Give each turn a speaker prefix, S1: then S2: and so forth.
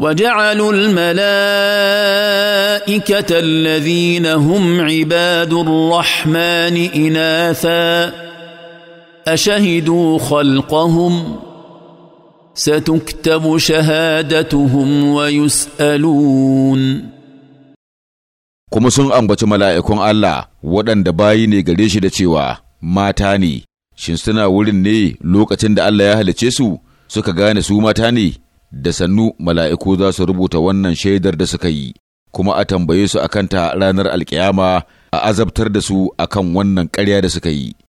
S1: وجعلوا الملائكه الذين هم عباد الرحمن اناثا اشهدوا خلقهم ستكتب شهادتهم ويسالون
S2: kuma sun ambaci mala'ikun Allah waɗanda bayi ne gare shi da cewa mata ne, shin suna wurin ne lokacin da Allah ya halice su suka gane su mata ne? da sannu mala'iku za su rubuta wannan shaidar da suka yi, kuma a tambaye su a kanta ranar alkiyama a azabtar da su akan wannan ƙarya da suka yi.